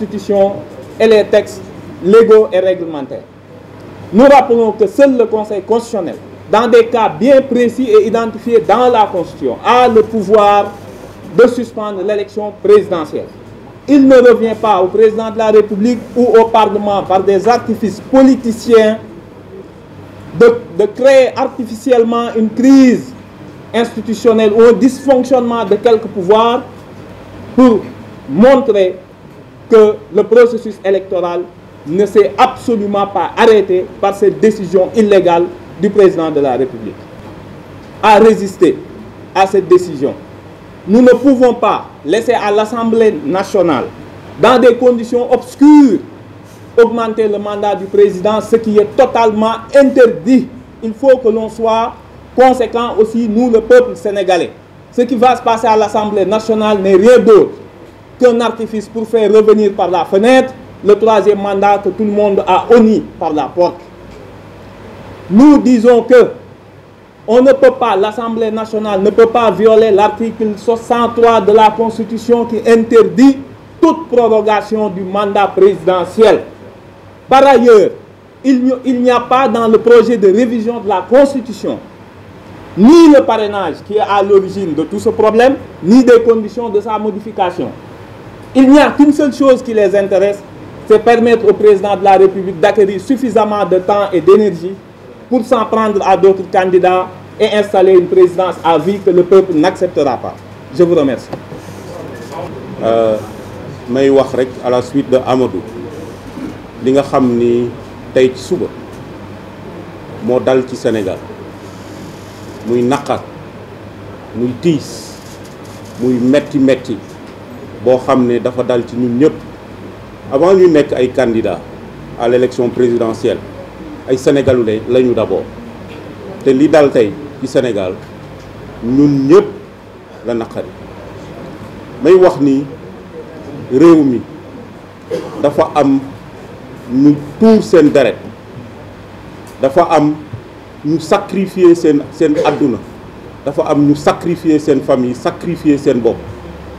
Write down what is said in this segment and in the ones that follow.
Constitution et les textes légaux et réglementaires. Nous rappelons que seul le Conseil constitutionnel, dans des cas bien précis et identifiés dans la Constitution, a le pouvoir de suspendre l'élection présidentielle. Il ne revient pas au président de la République ou au Parlement par des artifices politiciens de, de créer artificiellement une crise institutionnelle ou un dysfonctionnement de quelques pouvoirs pour montrer que le processus électoral ne s'est absolument pas arrêté par cette décision illégale du président de la République. À résister à cette décision. Nous ne pouvons pas laisser à l'Assemblée nationale, dans des conditions obscures, augmenter le mandat du président, ce qui est totalement interdit. Il faut que l'on soit conséquent aussi, nous, le peuple sénégalais. Ce qui va se passer à l'Assemblée nationale n'est rien d'autre qu'un artifice pour faire revenir par la fenêtre le troisième mandat que tout le monde a honni par la porte. Nous disons que on ne peut pas, l'Assemblée nationale ne peut pas violer l'article 63 de la Constitution qui interdit toute prorogation du mandat présidentiel. Par ailleurs, il n'y a pas dans le projet de révision de la Constitution ni le parrainage qui est à l'origine de tout ce problème, ni des conditions de sa modification. Il n'y a qu'une seule chose qui les intéresse, c'est permettre au président de la République d'acquérir suffisamment de temps et d'énergie pour s'en prendre à d'autres candidats et installer une présidence à vie que le peuple n'acceptera pas. Je vous remercie. Euh, may à la suite de Amadou Sénégal muy boo xam ne dafa dal ci ñun ñëpp avant ñu nekk ay candidats à l'élection présidentielle ay sénégalais lañu d'abord te li dal tey ci Sénégal ñun ñëpp la naqari may wax ni réew mi dafa am ñu tuur seen deret dafa am ñu sacrifier seen seen àdduna dafa am ñu sacrifier seen famille sacrifier seen bopp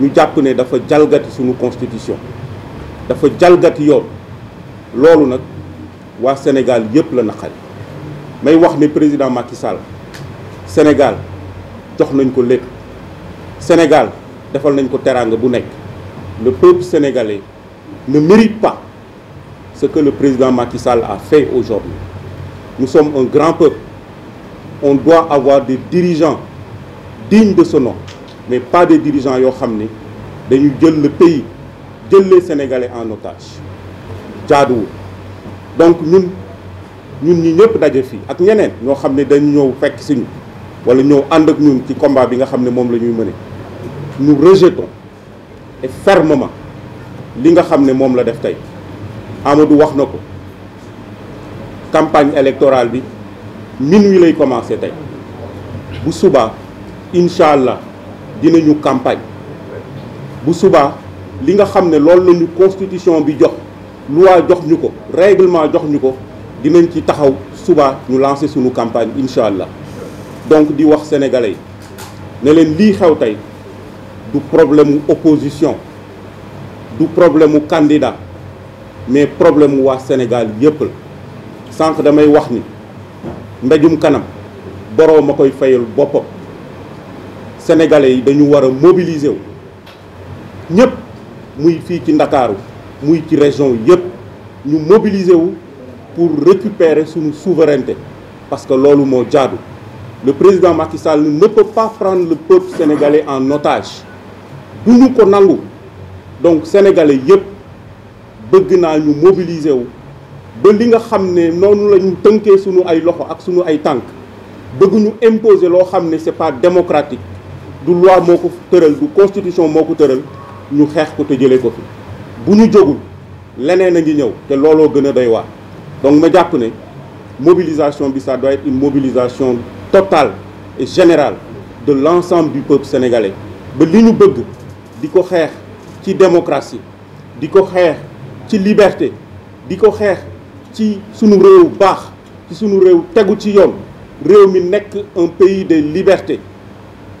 Nous avons ne dafa jalgati suñu constitution dafa jalgati yoon loolu nag waa Sénégal yëpp la naqari may wax le président Macky Sall Sénégal jox Sénégal defal ko le peuple sénégalais ne mérite pas ce que le président Macky Sall a fait aujourd'hui nous sommes un grand peuple on doit avoir des dirigeants dignes de ce nom mais pas des dirigeants yoo xam ne dañu jël le pays jël les sénégalais en otage jadou. donc nous ñun ñi ñëpp daje fii ak ñeneen ñoo xam ne dañu ñëw fekk si Nous wala ñëw ànd ak ñun ci combat bi nga xam que nous la nous rejetons et fermement li nga xam ne que la def tey Amadou wax na campagne électorale bi minuit lay commencé tey bu subaa Inshallah dinañu campagne bu subaa li nga de ne loolu constitution bi jox loi jox ñu règlement jox ñu ko dinañ ci taxaw subaa nous lancer sur campagne campagnes, Inshallah. donc di wax sénégalais ne les lii xew tey du problème opposition du problème candidat mais problème mu Sénégal yëpp la sànq damay wax ni mbéjum kanam Borom makoy koy fayal sénégalais yi dañu mobiliser Nous, ñëpp muy fii ci ndakaaru muy ci région nous mobiliser pour récupérer notre souveraineté parce que loolu moo le président Macky Sall ne peut pas prendre le peuple sénégalais en otage Nous ñu ko nangu donc sénégalais nous bëgg mobiliser wu ba nous nga xam ne noonu la suñu ay loxo ak suñu ay ñu imposer ce xam n'est pas démocratique du loi moko teural du constitution moko teural ñu xex ko te jëlee ko fi bu ñu jógul leneen a ngi ñëw te looloo doy wa donc ma jàpp né mobilisation bi ça doit être une mobilisation totale et générale de l'ensemble du peuple sénégalais ba li ñu bëgg diko xex ci démocratie diko xex ci liberté diko xex ci suñu réew baax ci suñu réew tegu ci yoon réew mi nekk un pays de liberté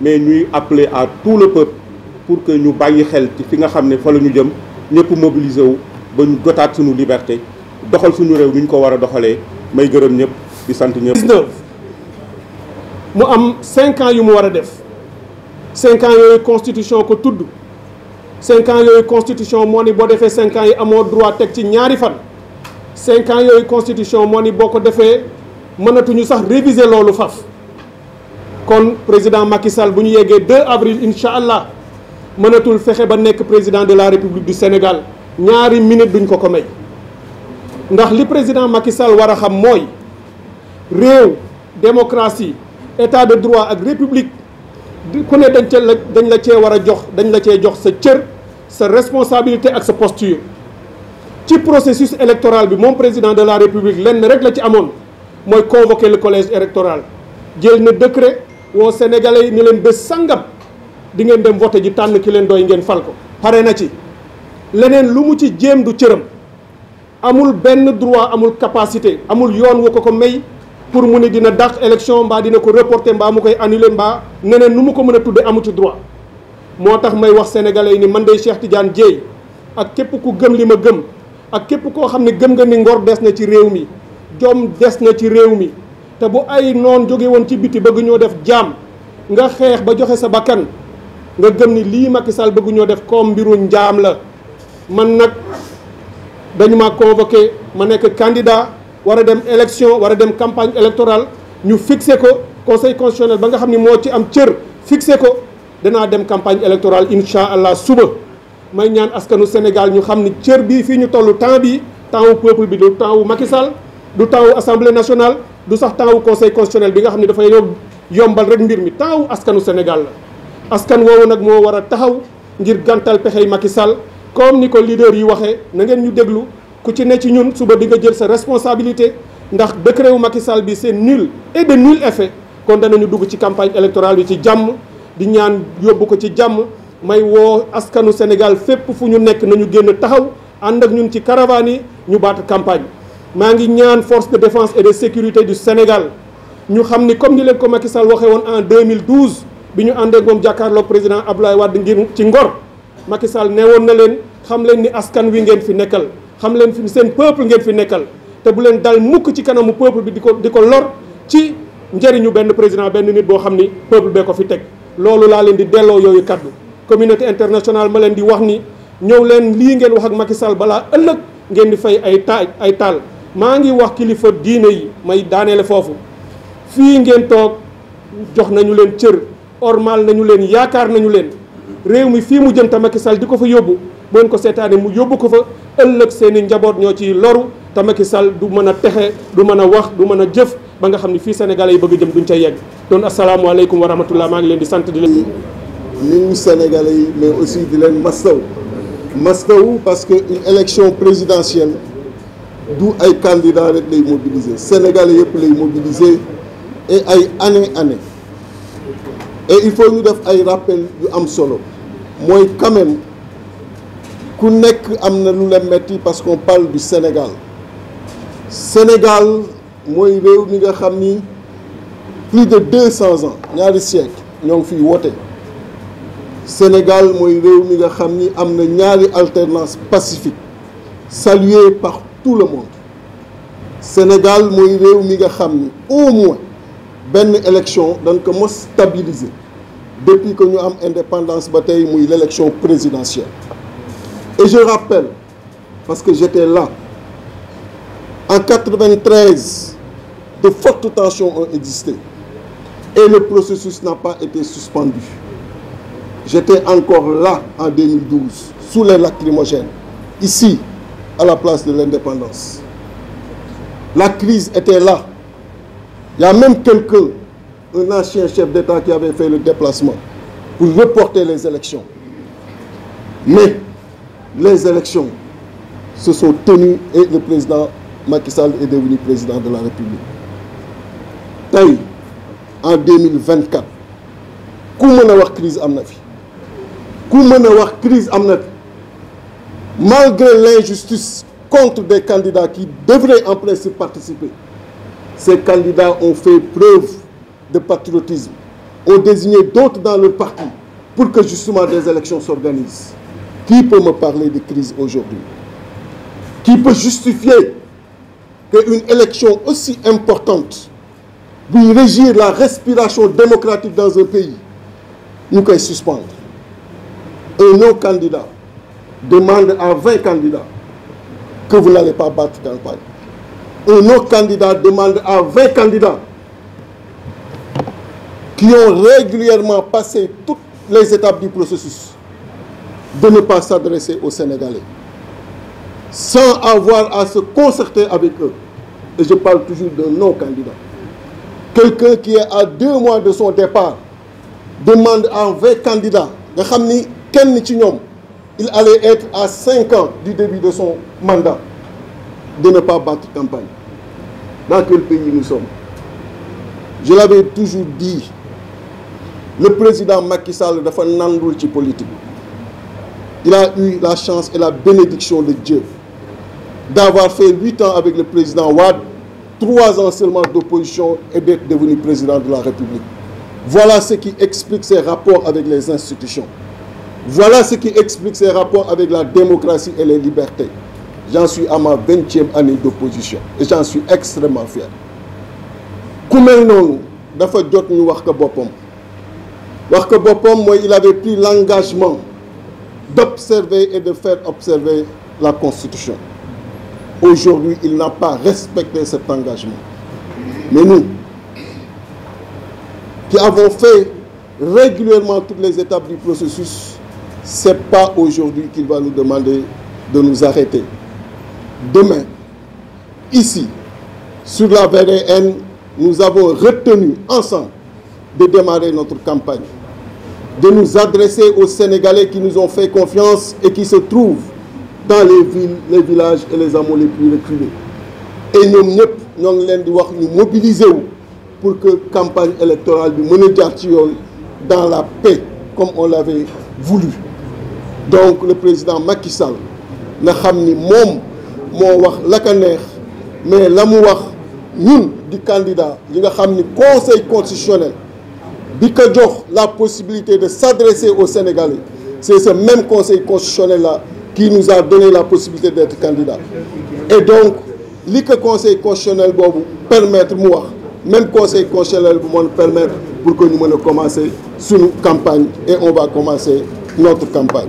mais nous appelons à tout le peuple pour que ñu bàyyi xel ci fi nga xam ne fa la jëm ñëpp mobiliser wu ba ñu jotaat suñu liberté doxal suñu réew ni ñu ko war a doxalee may gërëm ñëpp di sant ñëpp. 19 mu am 5 ans yu mu war def 5 ans yooyu constitution ko tudd 5 ans yooyu constitution moo ni boo 5 ans yi amoo droit teg ci ñaari fan 5 ans yooyu constitution moo ni boo ko defee mënatuñu sax réviser loolu faire kon président Macky Sall bu 2 avril inshaAllah, allah mënatul président de la république du Sénégal ñaari minute duñ ko ko may ndax li président Macky Sall wara a xam que la démocratie état de droit et république la République. wara cee la sa sa responsabilité et sa posture le processus électoral bi mon président de la république lenn rek la ci convoquer le collège électoral jël un décret wo sénégalais ni leen bëss sangam di ngeen dem voter ji tan ki leen doy ngeen fal ko paré na ci leneen lu mu ci jëm du cëram amul ben droit amul capacité amul yoon wu ko ko may pour mu ni dina dakh élection mbaa dina ko reporter mbaa mu koy annuler mbaa neneen nu mu ko mëna tuddé amu ci droit motax may wax sénégalais ni man day Cheikh Tidiane djey ak képp ku gëm li ma gëm ak képp ko xamni ne gëm nga ni ngor des na ci réew mi jom des na ci réew mi te bu ay non joge won ci biti bëgg ñoo def jam nga xex ba joxe sa bakan nga gëm ni li Macky Sall bëgg ñoo def comme biru jam la man nak dañu ma convoquer ma nek candidat wara dem élection wara dem campagne électorale ñu fixer ko conseil constitutionnel ba nga xamni mo ci am cër fixer ko dana dem campagne électorale inshallah allah suba may ñaan askanu Sénégal ñu xamni ni cër bii ñu tollu temps bi temps wu peuple bi du temps Macky Sall du temps assemblée nationale du sax temps wu conseil constitutionnel bi nga xam ne dafay yombal rek mbir mi temps wu askanu Sénégal la askan woowu nag moo war a taxaw ngir gàntal pexey Macky Sall comme ni ko leader yi waxee na ngeen ñu déglu ku ci ne ci ñun suba bi nga jël sa responsabilité ndax décret wu Macky Sall bi c'est nul et de nul effet kon danañu dugg ci campagne électorale bi ci jàmm di ñaan yóbbu ko ci jàmm may woo askanu Sénégal fépp fu ñu nekk nañu génn taxaw ànd ak ñun ci caravane yi ñu baat campagne maa ngi ñaan force de défense et de sécurité du Sénégal ñu xam ni comme ni leen ko Macky Sall waxee woon en 2012 bi ñu àndee moom jàkkaarloog président Abdoulaye Wade ngir ci ngor Macky Sall ne woon na leen xam leen ni askan wi ngeen fi nekkal xam leen fi seen peuple ngeen fi nekkal te bu leen dal mukk ci kanamu peuple bi di ko di lor ci njëriñu benn président benn nit boo xam peuple bee ko fi teg loolu laa leen di delloo yooyu kaddu communauté internationale ma leen di wax ni ñëw leen lii ngeen wax ak Macky Sall balaa ngeen di fay ay taaj ay taal maa ngi wax kilifa diine yi may daaneele foofu fii ngeen toog jox nañu leen cër ormal nañu leen yaakaar nañu leen réew mi fii mu jëm tamaki Macky Sall di ko fa yóbbu boo ko seetaane mu yóbbu ko fa ëllëg seen i njaboot ñoo ciy loru tamaki Macky Sall du mën a texe du mën a wax du mën a jëf ba nga xam ni fii Sénégalais yi bëgg jëm duñ ca yegg doon asalaamualeykum wa rahmatullah maa ngi leen di sant di leen. ñun Sénégalais yi mais aussi di leen mastaw mastaw parce que une élection présidentielle. est ay candidat rek lay mobiliser sénégalais yëpp lay mobiliser et ay année années. et il faut nous def ay rappel du am solo quand même ku nekk am lu parce qu'on parle du Sénégal Sénégal moi réew mi nga plus de 200 ans ñaari siècle a siècles, siècles, Sénégal mooy des mi nga xam ni am des ñaari alternance pacifique saluée par tout le monde Sénégal mooy ou au moins une élection donc comment stabiliser depuis que nous avons indépendance bataille l'élection présidentielle et je rappelle parce que j'étais là en 93 de fortes tensions ont existé et le processus n'a pas été suspendu j'étais encore là en 2012 sous les lacrymogènes ici à la place de l'indépendance. La crise était là. Il y a même quelqu'un, un ancien chef d'État qui avait fait le déplacement pour reporter les élections. Mais les élections se sont tenues et le président Macky Sall est devenu président de la République. Taï, en 2024, comment avoir crise amnafi Comment avoir crise malgré l'injustice contre des candidats qui devraient en principe participer, ces candidats ont fait preuve de patriotisme, ont désigné d'autres dans le parti pour que justement des élections s'organisent. Qui peut me parler de crise aujourd'hui Qui peut justifier qu'une élection aussi importante pour régir la respiration démocratique dans un pays, nous puissions suspendre un nos candidat demande à 20 candidats que vous n'allez pas battre campagne. Un autre candidat demande à 20 candidats qui ont régulièrement passé toutes les étapes du processus de ne pas s'adresser aux Sénégalais sans avoir à se concerter avec eux. Et je parle toujours d'un non-candidat. Quelqu'un qui est à deux mois de son départ demande à 20 candidats de il allait être à 5 ans du début de son mandat de ne pas battre campagne. Dans quel pays nous sommes Je l'avais toujours dit, le président Macky Sall dafa un ci politique. Il a eu la chance et la bénédiction de Dieu d'avoir fait 8 ans avec le président Ouad, 3 ans seulement d'opposition et d'être devenu président de la République. Voilà ce qui explique ses rapports avec les institutions. Voilà ce qui explique ses rapports avec la démocratie et les libertés. J'en suis à ma 20e année d'opposition et j'en suis extrêmement fier. Comment nous dafa il avait pris l'engagement d'observer et de faire observer la constitution aujourd'hui il n'a pas respecté cet engagement mais nous qui avons fait régulièrement toutes les étapes du processus ce n'est pas aujourd'hui qu'il va nous demander de nous arrêter. Demain, ici, sur la VRN, nous avons retenu ensemble de démarrer notre campagne, de nous adresser aux Sénégalais qui nous ont fait confiance et qui se trouvent dans les villes, les villages et les hameaux les plus reculés. Et nous, nous, nous mobiliser pour que la campagne électorale du Monédiartion dans la paix, comme on l'avait voulu donc le président Macky Sall na sais que la mais l'amour wax candidat yi nga conseil constitutionnel qui la possibilité de s'adresser aux Sénégalais c'est ce même conseil constitutionnel là qui nous a donné la possibilité d'être candidat et donc li que conseil constitutionnel vous permettre moi, même conseil constitutionnel bu me permettre pour que nous commençons notre campagne et on va commencer notre campagne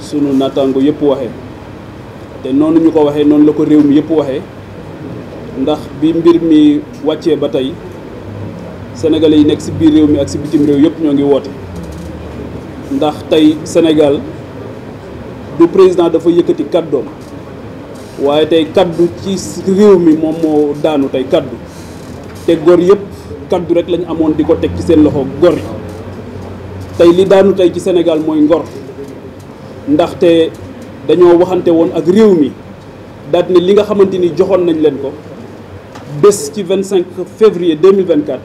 sunu nattaango yëpp waxee te noonu ñu ko waxee noonu la ko réew mi yépp waxee ndax bi mbir mi wàccee ba tey senegal yi nekk si biir réew mi ak ci bitim réew yëpp ñoo ngi woote ndax tey senegal du président dafa yëkkati kàddoom waaye tey kàddu ci réew mi moom moo daanu tey kàddu te góor yëpp kàddu rek lañu amoon di ko teg ci seen loxo góor yi tey li daanu tey ci senegal mooy ngor ndaxte dañoo waxante woon ak réew mi daal ne li nga xamante ni joxoon nañ leen ko bés ci 25 février 2024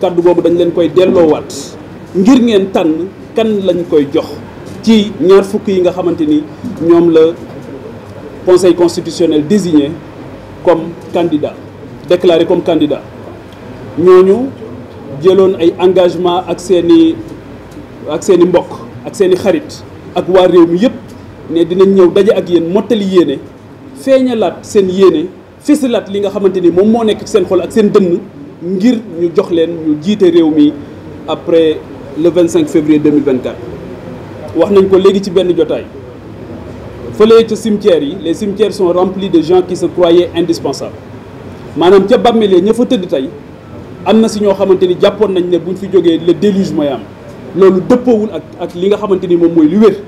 kaddu boobu dañu leen koy delloowaat ngir ngeen tànn kan lañ koy jox ci ñaar fukk yi nga xamante ni ñoom la conseil constitutionnel désigné comme candidat déclaré comme candidat ñooñu jëloon ay engagement ak seeni ak seeni mbokk ak seeni xarit ak wa réew mi ne dinañ ñëw daje ak yéen mottali yéene feeñalaat seen yéene fësalaat li nga xamante ni moom moo nekk ci seen xol ak seen dënn ngir ñu jox leen ñu jiite réew mi après le 25 février 2024. wax nañ ko léegi ci benn jotaay fële ca cimetière yi les cimetières sont remplis de gens qui se croyaient indispensables maanaam ca bàmmeel ña fa tëdd tey am na si ñoo xamante ni jàppoon nañ ne buñ fi jógee le déluge mooy am. loolu dëppoowul ak ak li nga xamante ni moom mooy lu wér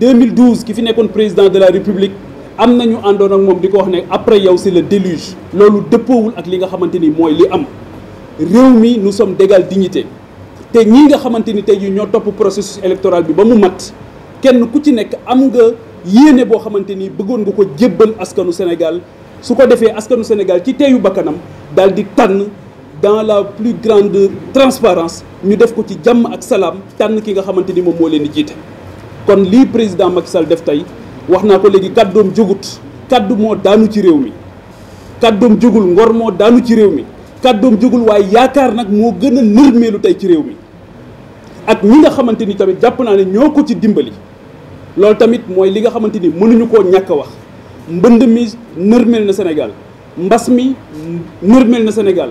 2012 ki fi nekkoon président de la république am nañu àndoon ak moom di ko wax ne après yow si le déluge loolu dëppoowul ak li nga xamante ni mooy li am réew mi nu some d'égale dignité te ñi nga xamante ni tey jii ñoo topp processus électoral bi ba mu mat kenn ku ci nekk am nga yéene boo xamante ni bëggoon nga ko jébbal askanu Sénégal su ko defee askanu Sénégal ci teyu bakkanam daal di tànn dans la plus grande transparence ñu def ko ci ak salam tan ki nga xamanteni ni mo leen di kon li président Macky Sall def tay waxna ko léegi kàddoom kaddu mo daanu ci rewmi mi kàddoom ngor mo daanu ci rewmi way yaakar nak mo a ci rewmi ak ñi nga xamanteni tamit ni ne ci dimbali loolu tamit moy li nga xamanteni mënuñu ko wax mbënd mi na Sénégal mi na Sénégal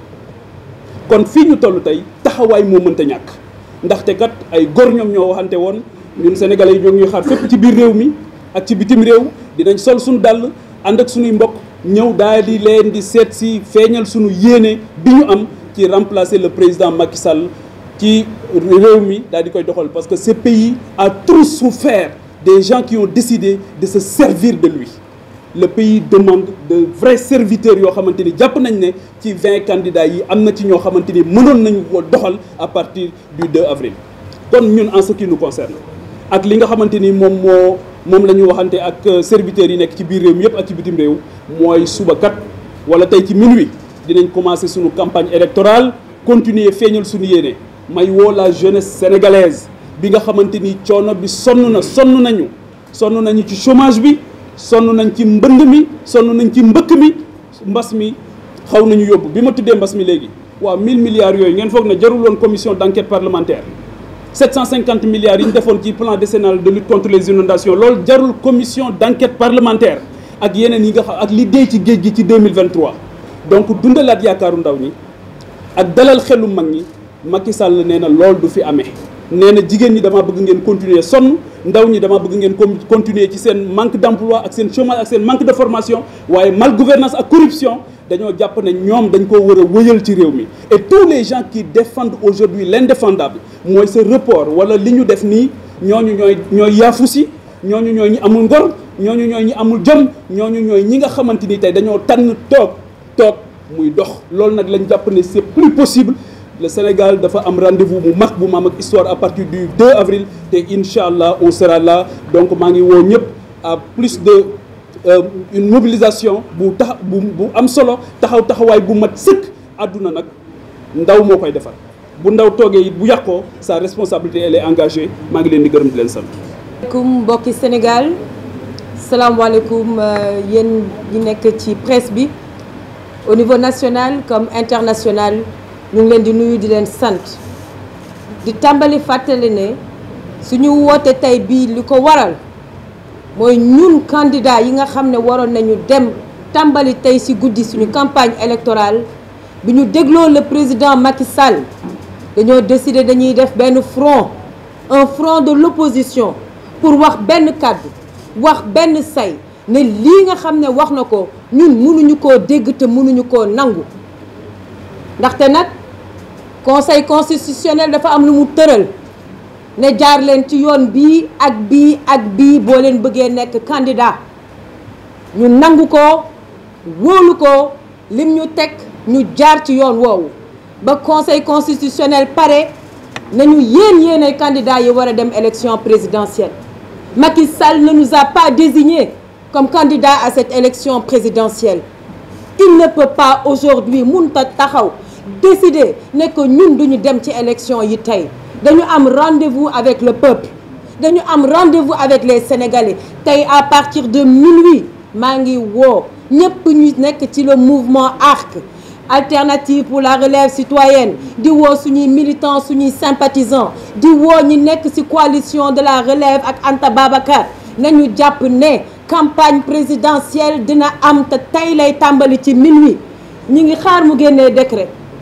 kon fii ñu toll tey taxawaay moo mënta ñàkk ndaxte kat ay góor ñoom ñoo waxanté won ñun sénégalais yi ñoo ngi xaar fépp ci biir réew mi ak ci bitim réew nañ sol suñu dal ànd ak mbokk ñew daali leen di seet si suñu yéene bi ñu am ci remplacer le président Macky Sall ci réew mi daal di koy doxal parce que ce pays a trop souffert des gens qui ont décidé de se servir de lui le pays demande de vrais serviteurs yoo xamante ni jàpp nañ ne ci vingt candidats yi am na ci ñoo xamante ni mënoon doxal à partir du 2 avril kon ñun en ce qui nous concerne ak li nga xamante ni moom moo moom la ñu waxante ak euh, serviteurs yi nekk ci biir réew mi yëpp ak ci bitim réew mooy suba kat wala tey ci minuit dinañ commencer suñu campagne électorale continuer feeñal suñu yéene may woo la jeunesse sénégalaise bi nga xamante ni coono bi sonn na sonn nañu sonn nañu ci chômage bi nous nañ ci mbënd mi nañ ci mbëkk mi mbas mi xaw nañu yóbbu bi ma mi léegi waaw 1000 milliards ngeen jarul woon commission d'enquête parlementaire 750 milliards de ñu defoon ci plan décennal de lutte contre les inondations loolu jarul commission d'enquête parlementaire ak yeneen yi nga ak li dee ci géej ci 2023 donc dundalaat yaakaaru ndaw ñi ak dalal xelu mag ñi Macky Sall nee du fi néna ñi dama bëgg ngeen continuer sonn ndaw ñi dama bëgg ngeen continuer manque d'emploi ak chômage ak manque de formation waaye mal gouvernance corruption dañoo japp ne ñoom dañ ko et tous les gens qui défendent aujourd'hui l'indéfendable mooy ce report wala li ñu def nii ñooñu ñooy ñooy yaafusi ñooñu ñooy ñi amul ngor ñooñu ñooy amul jëm ñooñu ñooy ñi nga xamante ni dañoo tànn toog toog muy dox loolu nag c'est plus possible le Sénégal dafa am rendez-vous bu mag bu histoire à partir du 2 avril Et inshallah on sera là donc maa ngi à plus de euh, une mobilisation bu bu am solo taxaw taxawaay bu mat sëkk àdduna nag ndaw moo koy bu ndaw sa responsabilité elle est engagée maa ngi leen di gërëm di Sénégal salam euh, yéen ñi nekk ci presse au niveau national comme international ñu ngi leen di nuyu di leen sant di tàmbali fàttali ne suñu woote tey bii li waral mooy ñun candidat yi nga xam waron waroon nañu dem tàmbali tey ci guddi suñu campagne électorale bi ñu dégloo le président Macky Sall dañoo décider dañuy def benn front un front de l'opposition pour wax benn kàddu wax benn say ne li nga xam ne wax na ko ñun mënuñu koo dégg te mënuñu koo nangu ndaxte nag conseil constitutionnel de am lu mu dit ne jaar len ci yoon sommes ak bi ak bi bo len bëggee nek candidat ñu ko lim conseil constitutionnel pare nañu nous yéen ay candidats yi wara dem élection présidentielle Macky Sall ne nous a pas désignés comme candidats à cette élection présidentielle il ne peut pas aujourd'hui munta taxaw décider que nous duñu dem ci élection Nous avons rendez-vous avec le peuple Nous am rendez-vous avec les sénégalais tey à partir de minuit maa ngi woo ñëpp le mouvement ARC alternative pour la relève citoyenne di wo suñuy militants suñuy sympathisants Nous sommes dans la coalition de la relève avec Anta Babacar nañu faire une campagne présidentielle dina am te tey lay tambali ci minuit ñi ngi xaar décret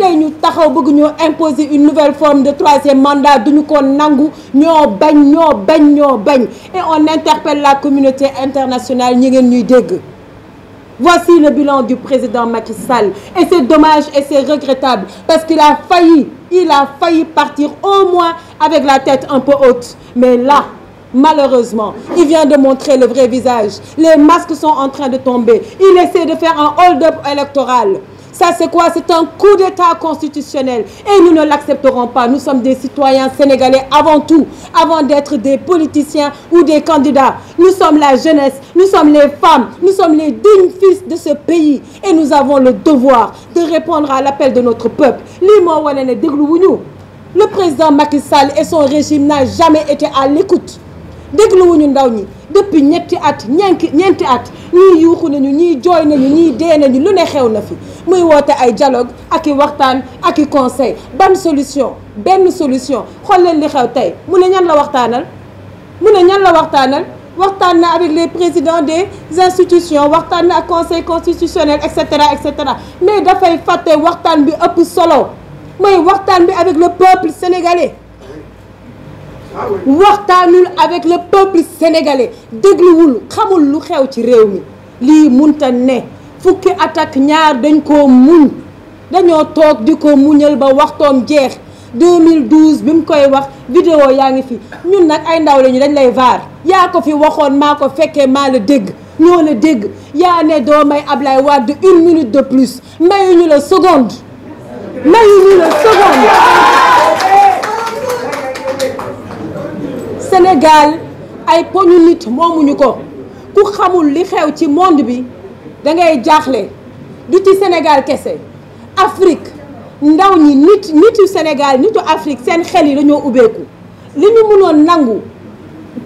Nous ñu taxaw imposer une nouvelle forme de troisième mandat de nous et on interpelle la communauté internationale voici le bilan du président Macky Sall et c'est dommage et c'est regrettable parce qu'il a failli il a failli partir au moins avec la tête un peu haute mais là Malheureusement, il vient de montrer le vrai visage. Les masques sont en train de tomber. Il essaie de faire un hold-up électoral. Ça, c'est quoi C'est un coup d'État constitutionnel. Et nous ne l'accepterons pas. Nous sommes des citoyens sénégalais avant tout, avant d'être des politiciens ou des candidats. Nous sommes la jeunesse, nous sommes les femmes, nous sommes les dignes fils de ce pays. Et nous avons le devoir de répondre à l'appel de notre peuple. Le président Macky Sall et son régime n'ont jamais été à l'écoute depuis ñetti at ñenki ñenti at ñi nañu ñi joy nañu ñi na fi muy dialogue ak waxtaan conseil bonne solution benn solution xool leen li xew tey mu ne ñan la mu la waxtaan avec les présidents des institutions waxtaan conseil constitutionnel etc. etc. et cetera mais waxtaan bi solo avec le peuple sénégalais waxtaanul avec le peuple sénégalais dégluwul xamul lu xew ci réew mi lii munta ne fukki attaque ñaar dañ ko muñ daño tok diko muñal ba waxtom jeex 2012 bim koy wax vidéo yaangi fi ñun nak ay ndaw lañu dañ lay var ya ko fi waxon mako fekke fekkee maa la ñoo le dégg ya ne doo may Ablaye Wade une minute de plus mayu ñu le seconde mayu ñu le seconde Sénégal ay poñu nit moomuñu ko ku xamul li xew ci monde bi dangay jaaxle du ci Sénégal kese Afrique ndaw ñi nit nitu Sénégal nitu Afrique seen xel yi dañoo ubbeeku li ñu mënoon nangu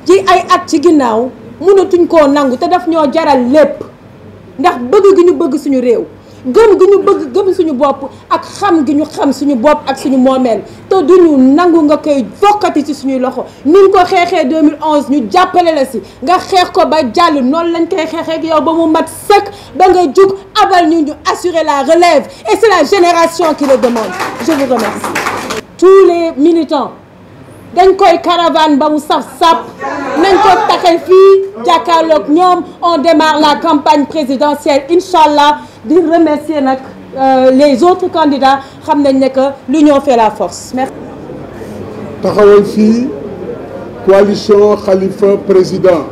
ci ay at ci ginnaaw mënatuñ koo nangu te daf ñoo jaral lépp ndax bëgg gi ñu bëgg suñu réew gëm gi ñu bëgg gëm suñu bopp ak xam gi ñu xam suñu bopp ak suñu moomeel te duñu nangu nga koy fokkati ci suñuy loxo ni ko xeexee 2011 ñu jàppale la si nga xeex ko ba jàll noonu lañ koy xeexee yow ba mu mat sëkk ba nga jug abal ñu ñu assurer la relève et c'est la génération qui le demande je vous remercie tous les militants dañ koy caravane ba mu saf sap nañ ko taxal fii jàkkaarloog ñoom on démarre la campagne présidentielle inshallah de remercier euh, les autres candidats qui que l'union fait la force. merci. taxawal coalition Khalifa président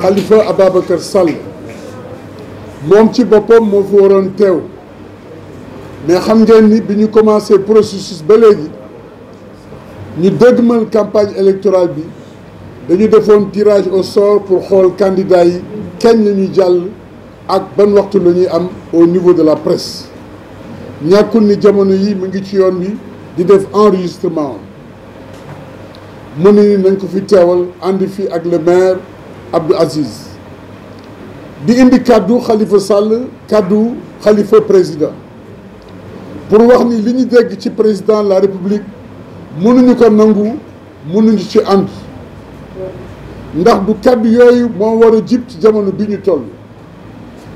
Khalifa Ababakar Sal. Je ci un moo mais xam ngeen ni bi processus ba la ñu campagne électorale avons fait un tirage au sort pour voir candidat yi kenn ñu ak ban waxtu la ñuy am au niveau de la presse ñakul ni jamono yi mu ngi ci yoon bi di def enregistrement mu ni nañ ko fi teewal andi fi ak le maire Abdou Aziz di indi kaddu Khalifa Sall kaddu Khalifa président pour wax ni li ñu dégg ci président de la république mënuñu ko nangu mënuñu ci and ndax du kàddu yooyu moo war a jib ci jamono bi ñu toll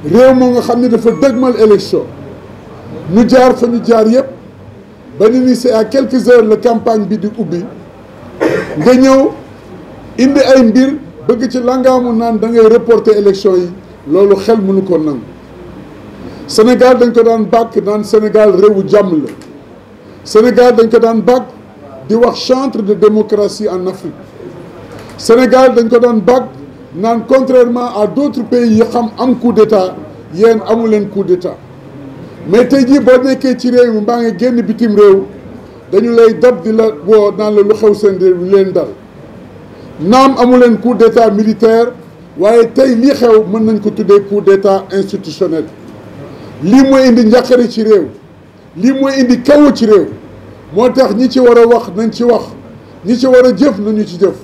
réew moo nga xam ne dafa dëgmal élection ñu jaar fa ñu jaar yëpp ba ni c'est à quelques heures la campagne bi di ubbi nga ñëw indi ay mbir bëgg ci langaamu naan da ngay reporter élection yi loolu xel mënu ko nangu Sénégal dañ ko daan bàkk naan Sénégal réewu jàmm la Sénégal dañ ko daan bàkk di wax chantre de démocratie en Afrique Sénégal dañ ko daan bàkk naan contrairement à d'autres pays yi xam am coup d'état yéen amu leen coup d'état mais tey jii boo nekkee ci réew mi mbaa nga génn bitim réew dañu lay dab di la woo naan la lu xew seen réew mi leen dal naam amu leen coup d'état militaire waaye tey lii xew mën nañ ko tuddee coup d'état institutionnel lii mooy indi njàqare ci réew lii mooy indi kaw ci réew moo tax ñi ci war a wax nañ ci wax ñi ci war a jëf nañu ci jëf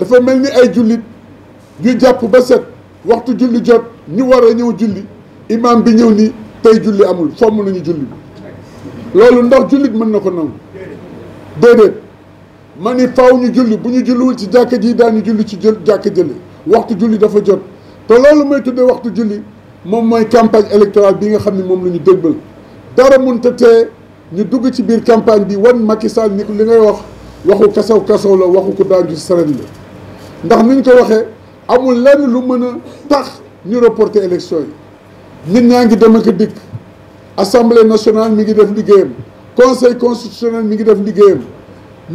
dafa mel ni ay jullit yu jàpp ba set waxtu julli jot ñu war a ñëw julli imam bi ñëw ni tey julli amul fomm nañu julli bi loolu ndax jullit mën na ko nangu déedéet ma ni faw ñu julli bu ñu julliwul ci jàkka ji daañu julli ci jël jàkka jële waxtu julli dafa jot te loolu mooy tuddee waxtu julli moom mooy campagne électorale bi nga xam ne moom la ñu dëgbal dara mënta tee ñu dugg ci biir campagne bi wan Macky Sall ni li ngay wax waxu kasaw kasaw la waxu ko daanju saret la ndax ni ñu ko waxee amul lenn lu mën a tax ñu reporter élection yi nit ñaa ngi dem ak dikk assemblée nationale mi ngi def liggéeyam conseil constitutionnel mi ngi def liggéeyam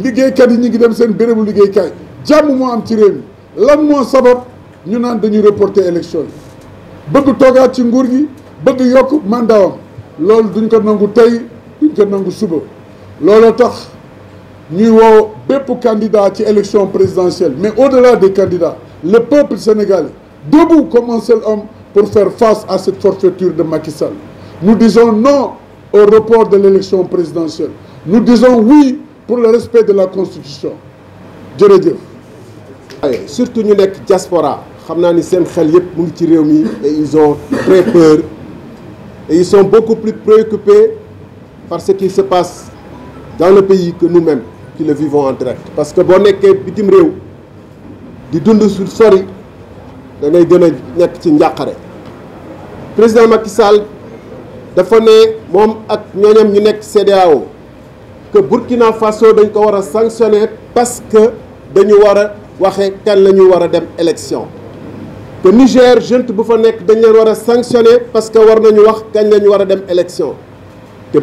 liggéeykat yi ñu ngi dem seen bérébu liggéeykaay jàmm moo am ci réew mi lan moo sabab ñu naan dañuy reporter élection yi bëgg toogaat ci nguur gi bëgg yokk mandawam loolu duñ ko nangu tey duñ ko nangu suba looloo tax ñuy woo pour candidat à l'élection présidentielle mais au-delà des candidats le peuple sénégalais debout comme un seul homme pour faire face à cette forfaiture de Macky Sall nous disons non au report de l'élection présidentielle nous disons oui pour le respect de la constitution dis. surtout nous les diaspora et ils ont très peur et ils sont beaucoup plus préoccupés par ce qui se passe dans le pays que nous-mêmes qui le vivons en direct parce que boo nekkee bitim réew di dund le sori da ngay gën a ci njàqare président Macky Sall dafa ne moom ak ñooñam ñu nekk que Burkina Faso dañ ko war sanctionner parce que dañu wara waxe kan la ñu war dem élection que Niger junte bu fa nek dañ leen wara sanctionner parce que war nañu wax kañ la ñu élection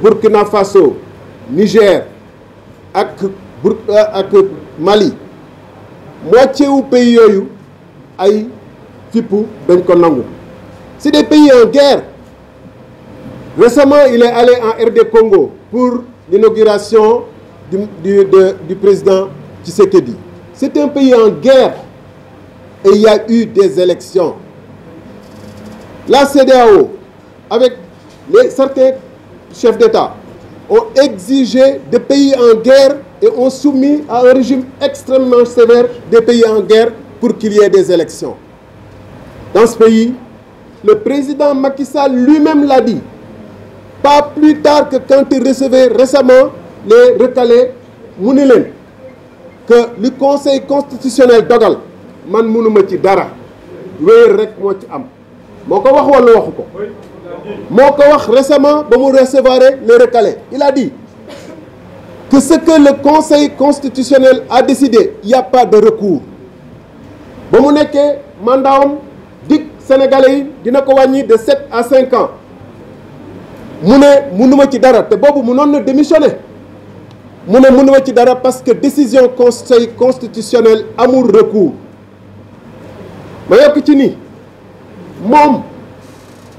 Burkina Faso Niger euh, Mali moitié du pays c'est des pays en guerre récemment il est allé en RD Congo pour l'inauguration du du président Tshisekedi c'est un pays en guerre et il y a eu des élections la CDAO, avec les certains chefs d'État ont exigé des pays en guerre et ont soumis à un régime extrêmement sévère des pays en guerre pour qu'il y ait des élections. Dans ce pays, le président Macky lui-même l'a dit, pas plus tard que quand il recevait récemment les recalés Mounilen, que le Conseil constitutionnel dogal man dara rek am mon récemment recevoir le recalé. il a dit que ce que le conseil constitutionnel a décidé il n'y a pas de recours ba mu nekkee dit sénégalais yi dina de 7 à 5 ans Mouné ne ci dara ne démissionner Je ne ci dara parce que la décision du conseil constitutionnel de recours ma ce ci ni moom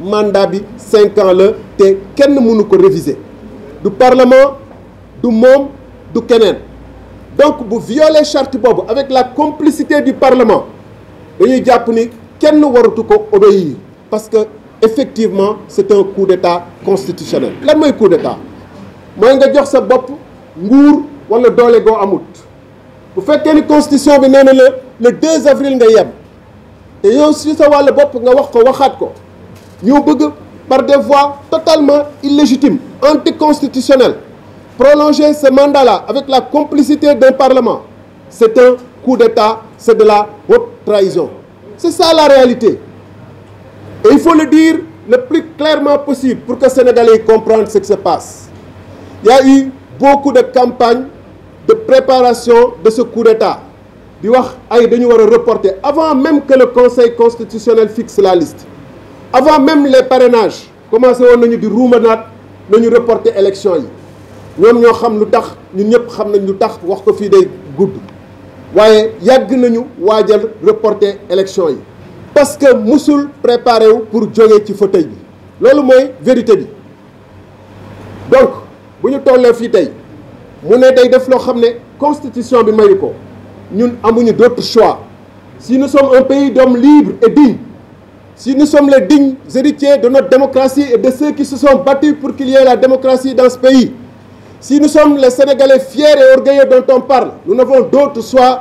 mandat de 5 ans la te kenn mënu ko réviser du parlement du monde, du Kenen. donc violez violer charte Bob avec la complicité du parlement dañuy jàpp ni kenn waratu ko obéir parce que effectivement c'est un coup d'état constitutionnel c'est un coup d'état Moi, nga jox sa bopp nguur wala un goo amut bu fekkee ni constitution bi une constitution, le 2 avril Et vous, avez yow si sa d'État. bopp nga wax ko ko Yobug par des voies totalement illégitimes anticonstitutionnelles prolonger ce mandat-là avec la complicité d'un parlement c'est un coup d'état c'est de la haute trahison c'est ça la réalité et il faut le dire le plus clairement possible pour que Sénégalais comprennent ce qui se passe il y a eu beaucoup de campagnes de préparation de ce coup d'état di wax ay reporter avant même que le Conseil constitutionnel fixe la liste avant même les parrainages commencé woon nous di ruumanaat nañu reporter élection yi nous xam lu tax ñun xam tax wax ko reporter élection parce que musul préparé wu pour jouer ci fauteuil vérité donc vous constitution choix si nous sommes un pays d'hommes libres et dignes si nous sommes les dignes héritiers de notre démocratie et de ceux qui se sont battus pour qu'il y ait la démocratie dans ce pays, si nous sommes les Sénégalais fiers et orgueilleux dont on parle, nous n'avons d'autre choix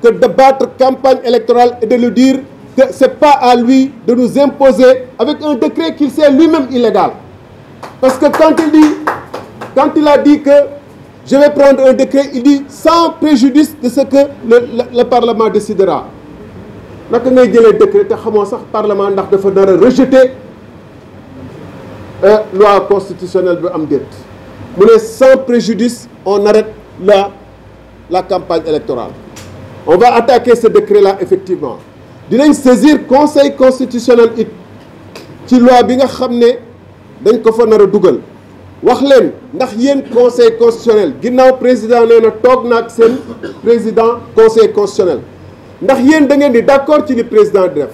que de battre campagne électorale et de lui dire que ce n'est pas à lui de nous imposer avec un décret qu'il sait lui-même illégal. Parce que quand il, dit, quand il a dit que je vais prendre un décret, il dit sans préjudice de ce que le Parlement décidera. Nous avons décret le parlement ndax dafa la euh, loi constitutionnelle de am sans préjudice on arrête la campagne électorale on va attaquer ce décret là effectivement faut saisir le conseil constitutionnel qui ci loi bi nga xam dañ ko fa n'a a conseil constitutionnel Nous président nee na pas président conseil constitutionnel ndax yéen da ngeen di d'accord ci li président di def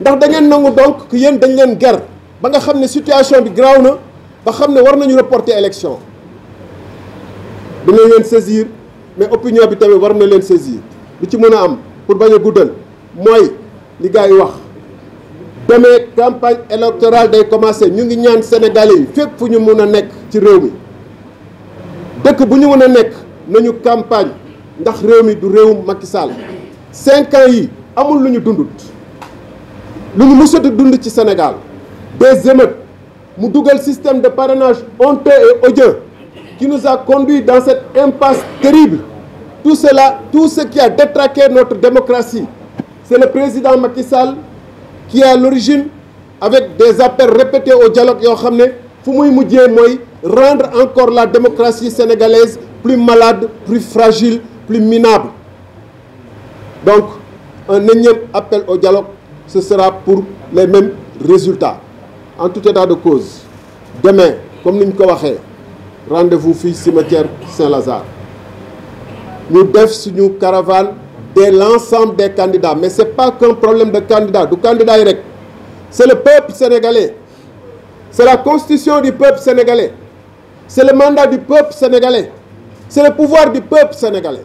ndax da ngeen nangu donc que yéen dañu leen ger ba nga xam ne situation bi graw na ba xam ne war nañu reporter élection dina leen saisir mais opinion bi tamit war na leen saisir lu ci mën a am pour bañ a guddal mooy li yi wax demee campagne électorale day commencer ñu ngi ñaan Sénégalais yi fépp fu ñu mën a nekk ci réew mi dëkk bu ñu mun a nekk nañu campagne ndax réew mi du réewum Macky Sall cinq ans il amul a Nous dundut nous Sénégal des émeutes mu système de parrainage honteux et odieux qui nous a conduit dans cette impasse terrible tout cela tout ce qui a détraqué notre démocratie c'est le président Macky Sall qui est à l'origine avec des appels répétés au dialogue qui au fu rendre encore la démocratie sénégalaise plus malade plus fragile plus minable donc, un énième appel au dialogue, ce sera pour les mêmes résultats. En tout état de cause, demain, comme nous l'avons rendez-vous au cimetière Saint-Lazare. Nous devons une caravane de l'ensemble des candidats. Mais ce n'est pas qu'un problème de candidat, du candidat direct. C'est le peuple sénégalais. C'est la constitution du peuple sénégalais. C'est le mandat du peuple sénégalais. C'est le pouvoir du peuple sénégalais.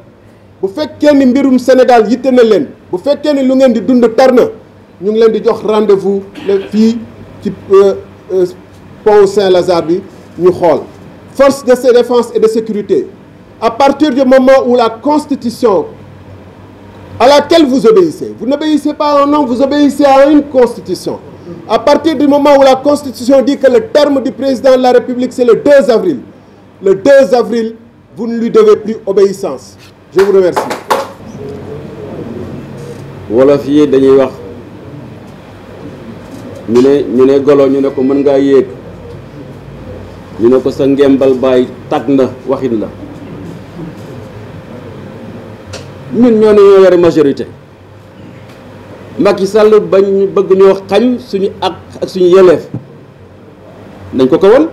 vous faites au Sénégal Y na Vous bu fekkee lu ngeen di dund Nous ñu rendez-vous filles, ci euh, euh, pont Saint-Lazare bi force de défense et de sécurité à partir du moment où la constitution à laquelle vous obéissez vous n'obéissez pas à un nom, vous obéissez à une constitution à partir du moment où la constitution dit que le terme du président de la république c'est le 2 avril le 2 avril vous ne lui devez plus obéissance je vous remercie. wolof yi dañuy wax ñu ne ñu ne golo ñu ne ko mën ngaa yéeg ñu ne ko sa ngembal baay tag na waxin la ñun ñoo ne ñoo yore majorité Macky Sall bañ bëgg ñoo xañ suñu ak ak suñu yeleef nañ ko ko won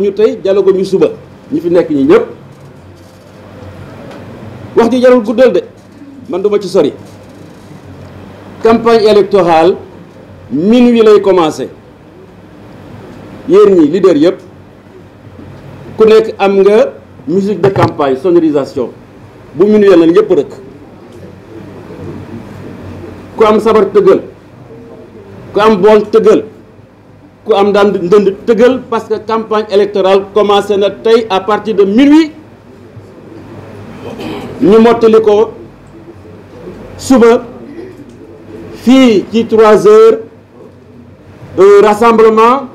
ñu tay tey ñu suba ñi fi nekk ñi ñëpp wax ji jarul guddal de man duma ci sori campagne électorale minuit lay commencé yéen ñi leader yépp ku nekk am nga musique de campagne sonorisation bu minuit lan ñëpp rek ku am sabar tëggal ku am bool tëggal ku am daan ndënd tëggal parce que campagne électorale commencé na tey à partir de minuit nous mottali ko suba trois heures rassemblement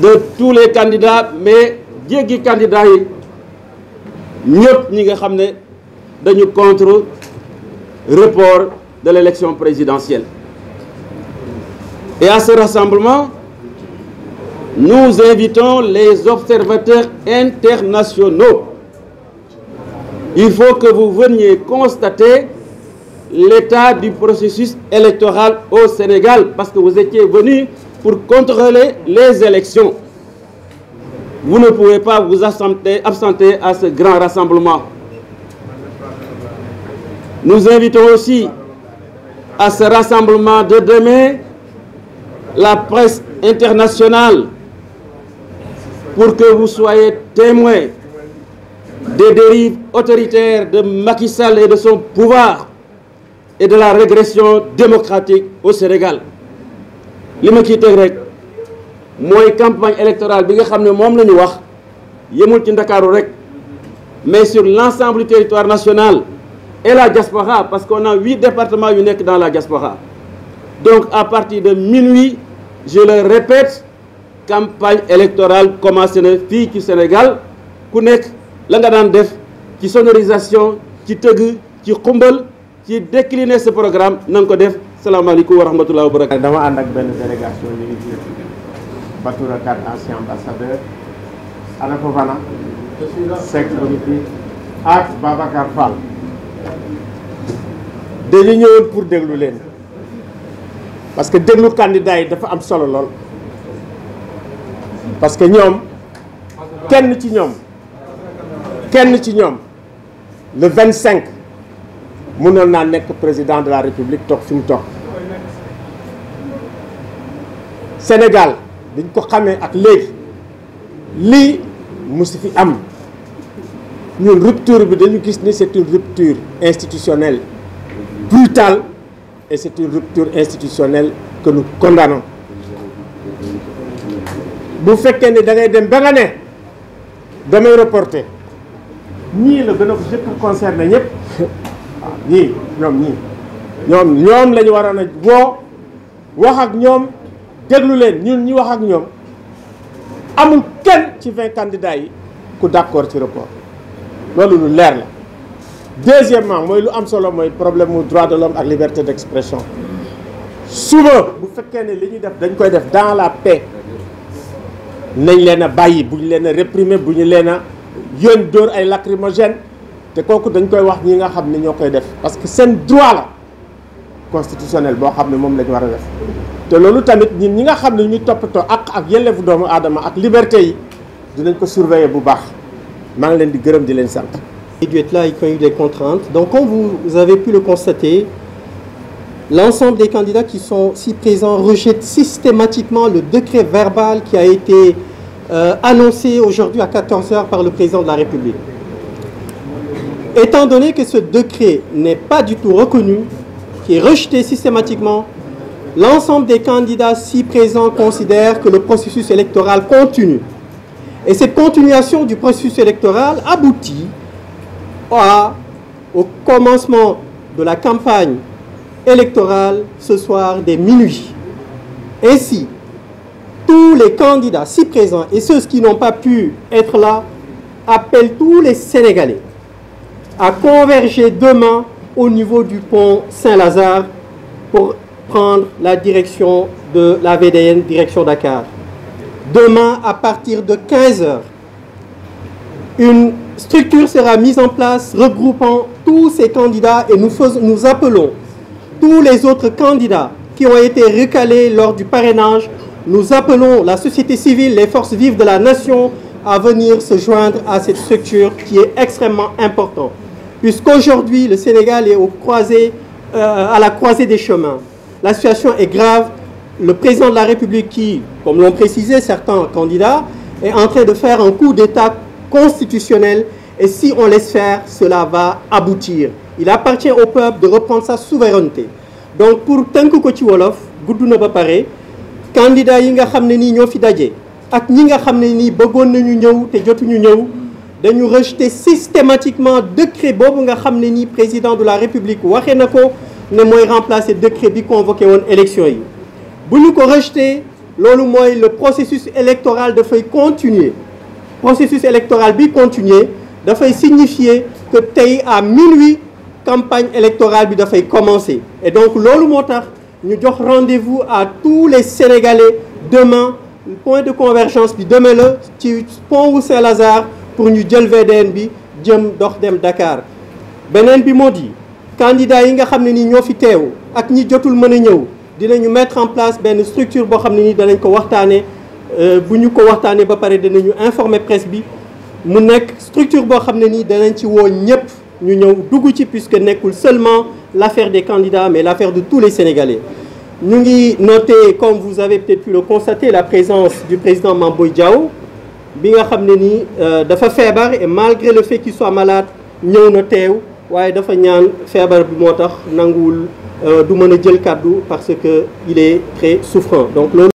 de tous les candidats mais les candidats yi ñëpp ñi nga xam contre report de l'élection présidentielle et à ce rassemblement nous invitons les observateurs internationaux il faut que vous veniez constater l'état du processus électoral au Sénégal parce que vous étiez venu pour contrôler les élections. Vous ne pouvez pas vous absenter, absenter à ce grand rassemblement. Nous invitons aussi à ce rassemblement de demain la presse internationale pour que vous soyez témoins des dérives autoritaires de Macky Sall et de son pouvoir et de la régression démocratique au Sénégal Les ma ciy rek campagne électorale bi ne wax mais sur l'ensemble du territoire national et la diaspora parce qu'on a huit départements uniques dans la diaspora donc à partir de minuit je le répète campagne électorale commencé na fille du Sénégal ku la nga daan def ci sonorisation ci tëgg ci xumbal ci décliner ce programme na nga ko def salaamaaleykum wa rahmatulah wa barakatu dama ànd ak benn délégation militaire Batoura Kane ancien ambassadeur Anako Fana Seck Bonifay ak Babacar Fall dañu ñëwoon pour déglu leen parce que déglu candidat yi dafa am solo lool parce que ñoom kenn ci ñoom kenn le 25 mënoon président de la république Tok Sénégal rupture c'est une rupture institutionnelle brutale et c'est une rupture institutionnelle que nous condamnons vous da ni la gën concerné ni ni, ni ni, ni, ni, ni, ni, ni, wax ni ni, déglu leen ñun ñi wax ak ni, d'accord ci rapport. ni, lu leer deuxièmement il lu am solo problème du droit de l'homme la liberté d'expression Souvent, vous faites ne li dans la paix nañ les réprimer yéen door ay lacrymogène té koku dañ koy wax ñi nga xam ñokoy def parce que seen droit la constitutionnel bo xam mom moom wara def té lolu tamit ñin ñi nga xam ne ñu toppatoo ak ak yelefu doomu aadama ak liberté yi dinañ ko surveiller bu baax ma ngi leen di gërëm di leen sant. Les être là, ils ont eu des contraintes. Donc, comme vous avez pu le constater, l'ensemble des candidats qui sont si présents rejettent systématiquement le décret verbal qui a été euh, annoncé aujourd'hui à 14h par le président de la République. Étant donné que ce décret n'est pas du tout reconnu, qui est rejeté systématiquement, l'ensemble des candidats si présents considèrent que le processus électoral continue. Et cette continuation du processus électoral aboutit au commencement de la campagne électorale ce soir dès minuit. Ainsi, tous les candidats si présents et ceux qui n'ont pas pu être là appellent tous les Sénégalais à converger demain au niveau du pont Saint-Lazare pour prendre la direction de la VDN, direction Dakar. Demain, à partir de 15h, une structure sera mise en place regroupant tous ces candidats et nous, nous appelons tous les autres candidats qui ont été recalés lors du parrainage nous appelons la société civile, les forces vives de la nation à venir se joindre à cette structure qui est extrêmement importante. Puisqu'aujourd'hui, le Sénégal est euh, à la croisée des chemins. La situation est grave. Le président de la République qui, comme l'ont précisé certains candidats, est en train de faire un coup d'État constitutionnel et si on laisse faire, cela va aboutir. Il appartient au peuple de reprendre sa souveraineté. Donc pour Tanku Kochi Wolof, candidat yi nga xamné ni nii ñoo fi daje ak ñi nga xamné ni nañu ñëw ñëw dañu rejeter systématiquement décret bobu nga xamné ni président de la république waxé remplacer ko moy remplacer décret bi convoqué won élection yi nous ko rejeter lolu le processus électoral fay continuer processus électoral bi continuer fay signifier que tey à minuit campagne électorale bi fay commencer et donc lolu moo ñu jox rendez-vous à tous les sénégalais demain point de convergence bi demain le ci pont wu c'est lazare pour ñu jël VDN bi jëm dox dem Dakar Ben bi m'a dit, candidat yi nga xam ne ni ñoo fi nous ak ñi jotul mën ñëw dinañu mettre en place une structure boo nous ne ni danañ ko waxtaanee euh, bu ko waxtaanee ba pare danañu informer presse bi mu nekk structure pour xam ne nii ci woo ñëpp ñu ñëw pas puisque n'écoule seulement l'affaire des candidats mais l'affaire de tous les Sénégalais Nous avons noté, comme vous avez peut-être pu le constater la présence du président Mamboy Diao bi nga xam euh, et malgré le fait qu'il soit malade nous avons noté qu'il dafa ñaan euh, du parce que il est très souffrant donc